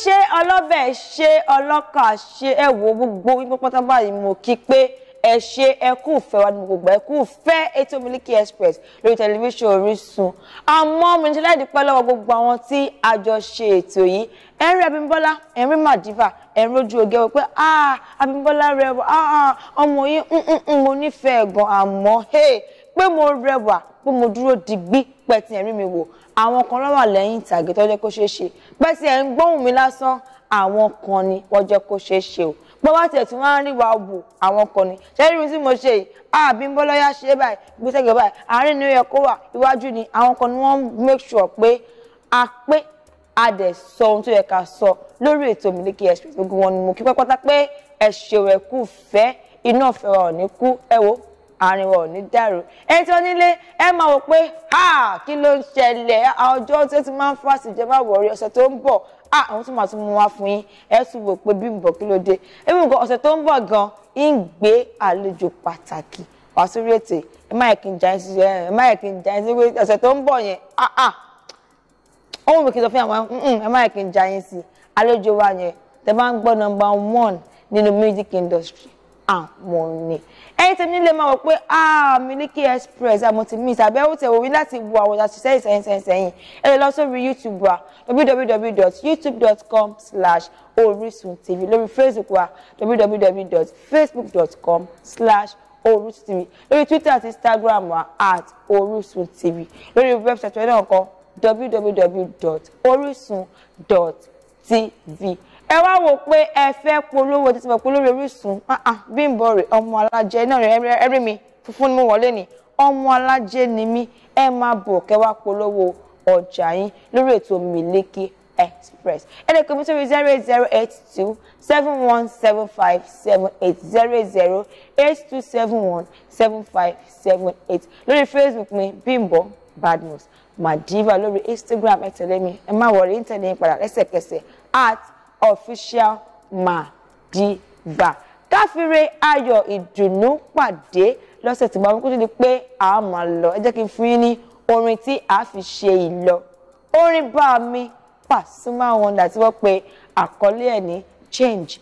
ṣe ọlọ́bẹ̀ ṣe ọlọ́kà ṣe ẹ̀wò gbogbo wípé pátá báyìí mo kí pé ẹ ṣe ẹ kú fẹ́ wa ní gbogbo ẹ kú fẹ́ ètò Miliki Express lórí tẹlifíṣàn Orísun àmọ́ mo ní ṣe láì dúpẹ́ lọ́wọ́ gbogbo àwọn tí a jọ ṣe ètò yìí ẹ̀rí Abímbọ́lá ẹ̀rí Madiva ẹ̀rí ojú oge wọ pé ah Abímbọ́lá rẹ ah, ah, ọmọ yìí mm, mm, mm, mo nífẹ̀ẹ́ gan àmọ́ hey pé mo rẹwà pé mo dúró digbí pẹ̀tì ẹ̀rí mi wò àwọn kan lọ́wọ́ lẹ́yìn ìtàgé tó jẹ́ kó ṣeé ṣe pẹ̀tì ẹ̀ ń gbóhùn mi lásán àwọn kan ni wọ́n jẹ́ kó ṣeé ṣe o bó bá tiẹ̀ tí wọ́n á rí wa wò àwọn kan ni ṣẹ́rí mi tí mo ṣe yìí àbí ń bọ́ lọ́yà ṣe báyìí gbèsè gbèsè báyìí àárín ni ó yẹ kó wà iwájú ni àwọn kan ni wọ́n make sure pé a pé a dẹ̀ sọ ohun tó yẹ ká sọ lórí ètò Miliki Express gbogbo wọn ni mo kí pátápátá pé ẹ ṣèwẹ̀kú fẹ́ iná ọ̀fẹ́ wa ò ní kú ẹ wo àárín ní dàrú ẹni tí nílé ẹ máa wò pé ha kí ló ń ṣẹlẹ̀ ọjọ́ ti máa ń fà sí ìjẹmọ àwọrí ọ̀sẹ̀ tó ń bọ̀ ah àwọn tó máa tún mú fún yín ẹ tún wò pé kí ló ń bọ̀ gan ń gbé àlejò pàtàkì wá sórí ètè ẹ má yẹ kí n n bọ̀ ah ohun mi kì í sọ fún àwọn ẹ má yẹ kí n jà wa yẹn tẹ bá ń one nínú music industry àwọn ni ẹ̀yin tèmi nílé máa wọ pé ah Miliki Express àmọ́ ah, ti miss àbẹ̀wò tẹ̀wò wí láti wo àwọn ọ̀dà ṣiṣẹ́ ìsẹ̀yìn sẹ̀yìn sẹ̀yìn ẹ lọ sórí YouTube wa www.youtube.com slash Orisun TV lórí Facebook wa www.facebook.com slash Orisun TV lórí Twitter àti Instagram wa at Orisun TV lórí website wa náà kan www.orisun.tv ẹ wá wò pé ẹ fẹ́ polówó títí mọ̀ pé lórí Orísun Bímbọ́ rẹ̀ ọmọ alájẹ náà rẹ̀ ẹrí mi funfun ni mo wọlé ni ọmọ alájẹ ni mí ẹ máa bọ̀ kẹ́ wá polówó ọjà yín lórí ètò Miliki Express ẹ lè kọ́mí sórí zero eight zero eight two seven one seven five seven eight zero eight zero eight two seven one seven five seven eight lórí Facebook mi bad news. Madiva lórí Instagram ẹ tẹ̀lé mi ẹ má wọlé ń tẹ̀lé mi padà lẹ́sẹ̀kẹsẹ̀ at official Madiba káfíńre ayọ̀ ìdùnnú pàdé lọ́sẹ̀ tí gbàgbọ́n kó tó di pé a máa lọ ẹ jẹ́ kí n fún yín ní orin tí a fi ṣe ìlọ orin bá mi Pasuma Wonder tí wọ́n pe àkọlé ẹ̀ ní change.